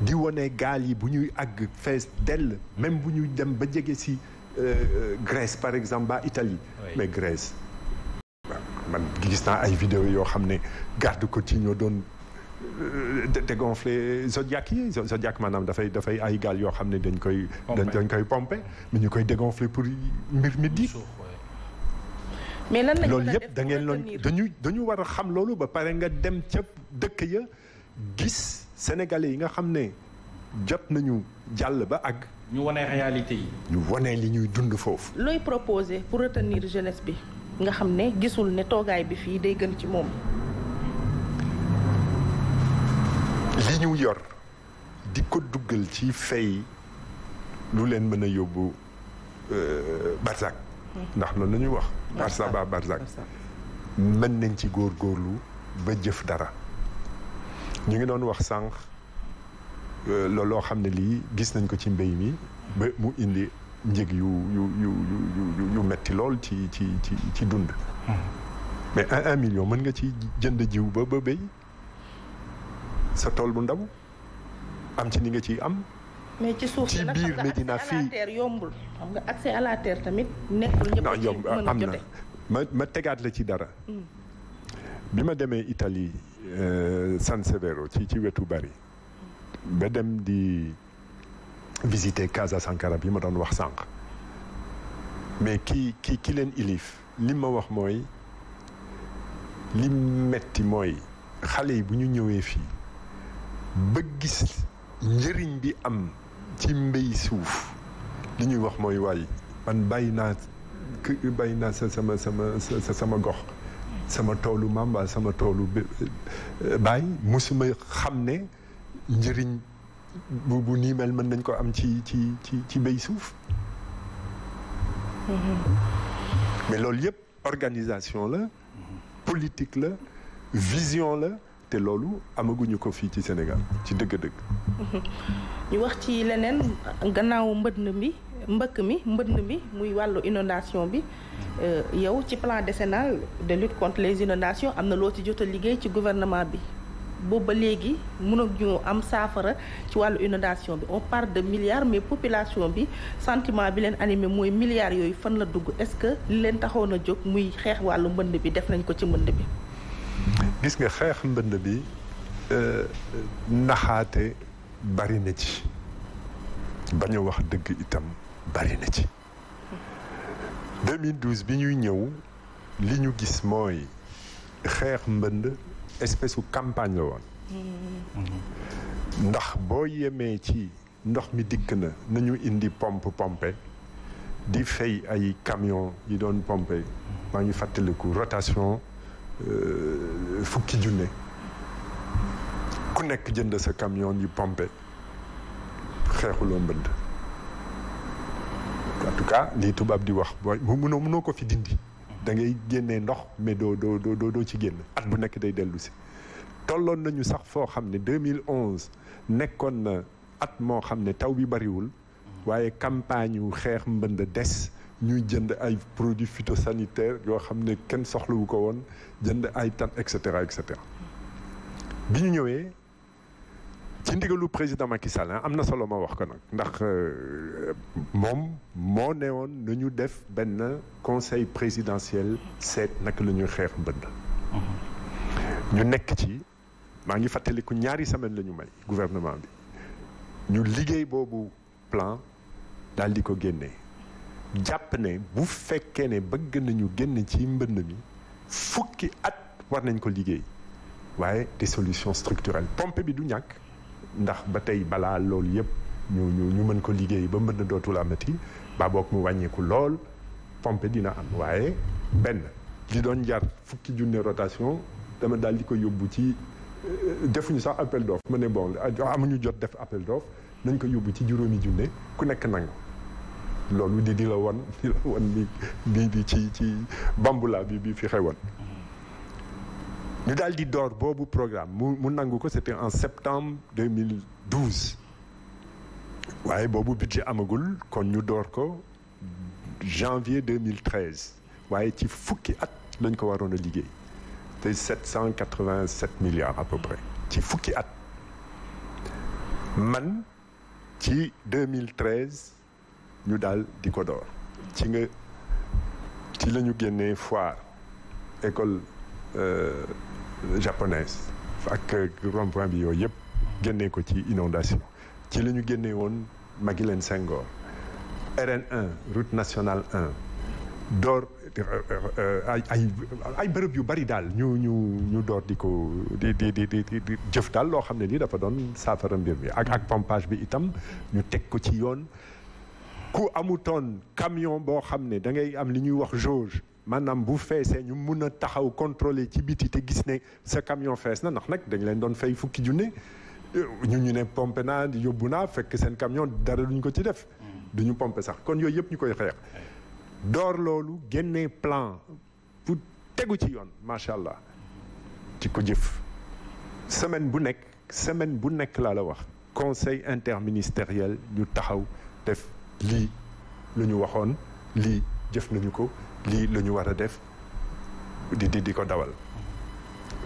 di wone gaal yi bu ñuy àgg fees dell même bu ñuy dem ba jege si euh, euh, Grèce par exemple ba Italie oui. naa ay vidéo yoo xam ne garde côtiers ñoo doon euh, dégonfler Zodiac yi Zodiac maanaam dafay dafay ay gaal yoo xam ne dañ koy dañ koy pompe mais ñu koy dégonfler pour mbir mi di mais loolu yëpp da ngeen loon dañu dañu war a xam loolu ba pare nga dem ca dëkk ya gis sénégalais yi nga xam ne jot nañu jàll ba ak ñu wane réalité yi. ñu wane li ñuy dund foofu. looy proposer pour retenir jeunesse bi nga xam ne gisul ne toogaay bi fii day gën ci moom. li ñu yor di ko duggal ci fay lu leen mën a yóbbu euh, Barzak. Hmm. ndax noonu la ñuy wax. Barça mën nañ ci góor góorlu ba jëf dara. ñu ngi doon wax sànq euh, loolu loo xam ne lii gis nañ ko ci mbéy mi ba mu indi njëg yu yu yu yu metti lool ci ci ci ci dund hmm. mais un million mën nga ci jënd jiw ba ba béy sa tool bu ndaw am ci ni nga ciy am mais ci suuf ci biir Médina fii yombul xam nga accès tamit nekkul ñëpp am na ma ma tegaat la ci dara hmm. bi ma demee itali Euh, San Severo ci ci wetu bari ba dem di visiter Casa Sankara bi ma doon wax sànq mais ki ki ki leen ilif li ma wax mooy li metti mooy xale yi bu ñu ñëwee fii ba gis njëriñ bi am ci mbéy suuf li ñuy wax mooy waay man bàyyi naa bàyyi naa sa sama sama sa sama gox sama toolu maam sama toolu baay musuma xam ne njëriñ bu nii mel mën nañ koo am ci ci ci ci béy suuf. Mm-hmm. mais loolu yëpp organisation la. Mm-hmm. politique la vision la te loolu amaguñu ko fii ci Sénégal ci dëgg-dëgg. Mm-hmm. ñu wax ci leneen gannaaw mbënd mi. mbëkk mi mbënn mi muy wàllu inondation bi euh, yow ci plan décennal de lutte contre les inondations am na loo ci jot a liggéey ci gouvernement bi boobu ba léegi mënuñu am saafara ci wàllu inondation bi on parle de milliards mais population bi sentiment bi leen animé mooy milliards yooyu fan la dugg est-ce que li leen taxoon a jóg muy xeex wàllu mbënd bi def nañ ko ci mbënd bi gis nga xeex mbënd bi euh, naxaate bari na ci bañ wax dëgg itam bari na ci bi ñuy ñëw li ñu gis mooy xeex mbënd espèce u campagne la woon ndax boo yemee ci ndox mi dikk na nañu indi pompe pompe di fay ay camion yi doon pompe maa ngi fàttaliku rotation euh, fukki junne ku nekk jënd sa camion yi pompe xeexuloo mbënd en tout cas lii tubaab di wax mooy mënoo munoo ko fi dindi. da ngay génnee ndox mais doo doo doo ci génn at bu nekk day dellusi tolloon nañu sax foo xam ne 2011 nekkoon na at moo xam ne taw bi bariwul waaye campagne wu xeex mbënd des ñuy jënd ay produits phytosanitaires yoo xam ne kenn soxlawu ko woon jënd ay tan et cetera et cetera bi ñu ñëwee. ci ndigalu président Macky Sall ah, am na solo ma wax ko nag ndax euh, moom moo ne woon nañu def benn conseil présidentiel seet nag lañuy ñuy xeex mbënd mhm. ñu nekk ci maa ngi fàttaliku ñaari semaine lañu may gouvernement bi ñu liggéey boobu plan daal di ko génnee jàpp ne bu fekkee ne bëgg nañu génn ci mbënn mi fukki at war nañ ko liggéey waaye des solutions structurelles pompe bi du ñàkk ndax ba tey balaa loolu yëpp ñu ñu mën ko liggéey ba mën na dootul amati ba boog mu wàññeeku lool pompe dina am waaye benn li doon jar fukki junne rotation dama daal di ko yóbbu ci euh, defuñu sax appel d'offre ma ne bon amuñu jot def appel d'offre nañ ko yóbbu ci juróomi junne ku nekk nangu loolu di di la won di la won ni di ci ci bambula bi bi fi xewoon ñu daal di door boobu programme mu mu nangu ko c'était en septembre 2012 waaye boobu budget amagul kon ñu door ko janvier 2013 waaye ci fukki at lañ ko waroon a liggéey te 787 milliards à peu ci fukki at man ci 2013 ñu daal di ko door ci nga ci la génnee foire école. Euh, japonaise ak rond-point bi yooyu yëpp génne ko ci inondation ci la ñu génnee woon Maguilène Senghor RN1 route nationale 1 door euh, euh, ay ay bërëb yu bari daal ñu ñu ñu door di ko di di di di di jëf daal loo xam ne lii dafa doon saafara mbir bi ak ak pompage bi itam ñu teg ko ci yoon ku amutoon camion boo xam ne da ngay am li ñuy wax jauge maanaam bu feesee ñu mun a taxaw contrôler ci biti te gis ne sa camion fees na ndax nag dañ leen doon fay fukki junne ñu ñu ne pompe naa yóbbu naa fekk seen camion dara duñ ko ci def du ñu pompe sax kon yooyu yëpp ñu koy xeex door loolu génnee plan pour tegu ci yoon macha allah ci ko jëf semaine bu nekk semaine bu nekk laa la wax conseil interministériel ñu taxaw def lii lu ñu waxoon lii jëf nañu ko lii la ñu war a def di di di ko dawal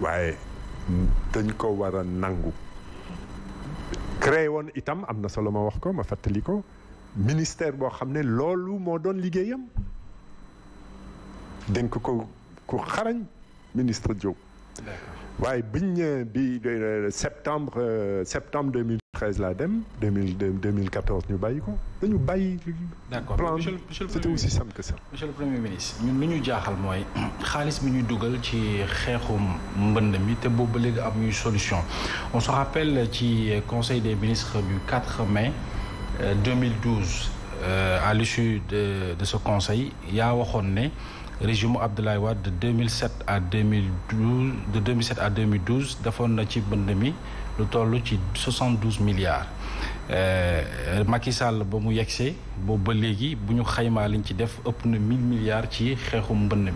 waaye dañ ko war nangu créé woon itam am na solo ma wax ko ma fàttali ko ministère boo xam ne loolu moo doon liggéeyam dénk ko ku xarañ ministre Diop waaye biñ bi euh, septembre euh, septembre 2000 2013 laa dem 2002 2014 ñu bàyyi ko dañu bàyyi. d'accord plan monsieur monsieur le premier ministre c'était aussi simple que lu ñu jaaxal mooy xaalis bi ñuy dugal ci xeexu mbënd mi te boobu ba léegi amuñu solution on se rappelle ci conseil des ministres du 4 mai 2012 euh, euh, à l'issue de de ce conseil yaa waxoon ne. régime Abdoulaye Wade de 2007 à 2012 de 2007 à 2012 defoon na ci mbënd mi lu toll ci 72 milliards euh, Macky Sall ba mu yegsee boobu ba léegi bu ñu xaymaa liñ ci def ëpp na 1000 milliards ci xeexu mbënd mi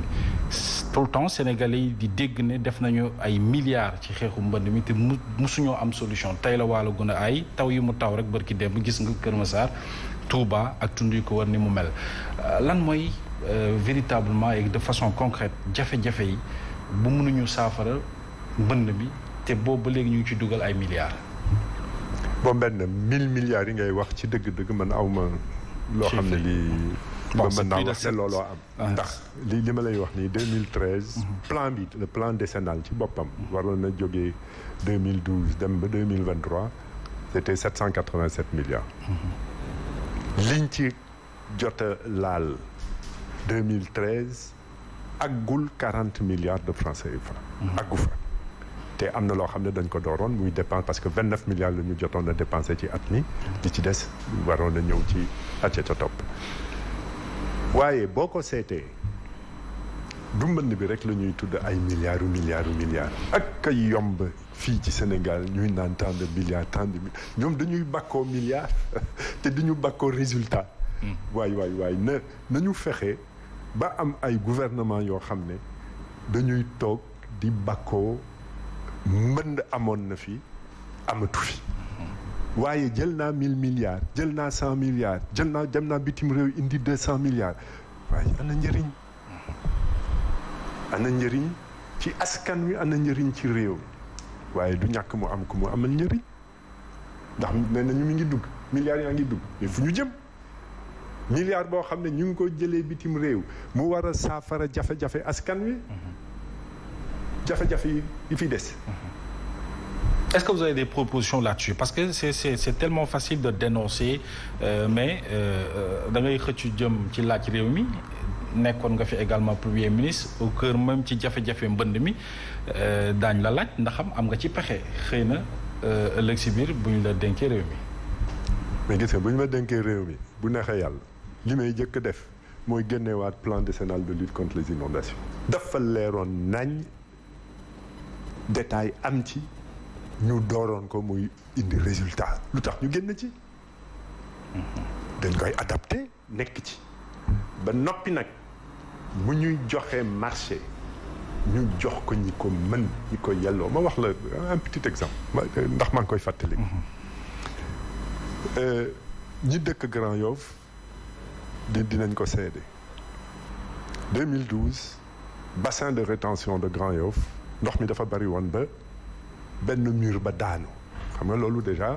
tout le yi di dégg ne def nañu ay milliards ci xeexu mbënd mi te mu musuñoo am solution tey la waalo gën ay taw yi mu taw rek bër barki dem gis nga Kër Massar Touba ak tund yu ko war ni mu mel euh, lan mooy Euh, véritablement et de façon concrète jafe-jafe yi bu mënuñu saafara mbënd bi te boobu ba léegi ñu ngi ci dugal ay milliards. bon benn mille milliards yi ngay wax ci dëgg-dëgg man aw ma. loo xam ne lii. ba mën naa wax ne looloo am. Ah. ndax li li ma lay wax nii 2013. Mhm. plan bi le plan décennal ci boppam. waroon na jógee 2012 dem ba 2023 c'était 787 milliards. Mhm. liñ ci jot laal. ak aggul 40 milliards de francs CFA. Mhm. aggu fa te am na loo xam ne dañ ko dooroon muy dépense parce que 29 milliards la ñu jotoon a dépensé ci at mi li ci des waroon a ñëw ci at ca topp. waaye boo ko seetee du mbënd bi rek la ñuy tudd ay milliards u milliards ak kay yomb fii ci Sénégal ñuy naan tant de milliards tant ñoom dañuy bakkoo milliards te du ñu bakkoo résultat. Mm. waay waay waay na nañu fexe. ba am ay gouvernement yoo xam ne dañuy toog di bakkoo mbënd amoon na fi amatu fi waaye jël naa mille milliards jël naa cent milliards jël naa jëm naa bitim réew indi deux cent milliards waaye ana njëriñ ana njëriñ ci askan wi ana njëriñ ci réew mi waaye du ñàkk mu am ko mu amal njëriñ ndax nee nañu mu ngi dugg milliards yaa ngi dugg fu ñu jëm milliard boo xam ne ñu ngi ko jëlee bitim réew mu war a saafara jafe-jafe askan wi. jafe-jafe yi fi des. Est-ce des propositions là parce que c'est c'est c'est tellement facile de dénoncer euh, mais euh, dangay ngay xëccu jëm ci laaj réew mi nekkoon nga fi également premier ministre au cœur même ci jafe-jafe mbënd mi euh, daañ la laaj ndaxam am nga ci pexe xëy na euh, ëllëg si biir bu ñu la dénkee réew mi. mais gis nga bu ñu ma dénkee réew mi bu neexee yàlla. li may jëkk def mooy génnewaat plan de décennal de lutte contre les inondations dafa leeroon nañ détail am ci ñu dooroon ko muy indi résultat lu tax ñu génn ci dañ koy adapté nekk ci ba noppi nag mu ñuy joxe marché ñu jox ko ñi ko mën ñi ko yelloo ma wax la un petit exemple ndax maa ngi koy fàttali mm-hmm. euh, ñi dëkk Grand Yoff di dinañ ko seede 2012 bassin de rétention de Grand Yoff ndox mi dafa bari woon ba benn mur ba daanu xam nga loolu déjà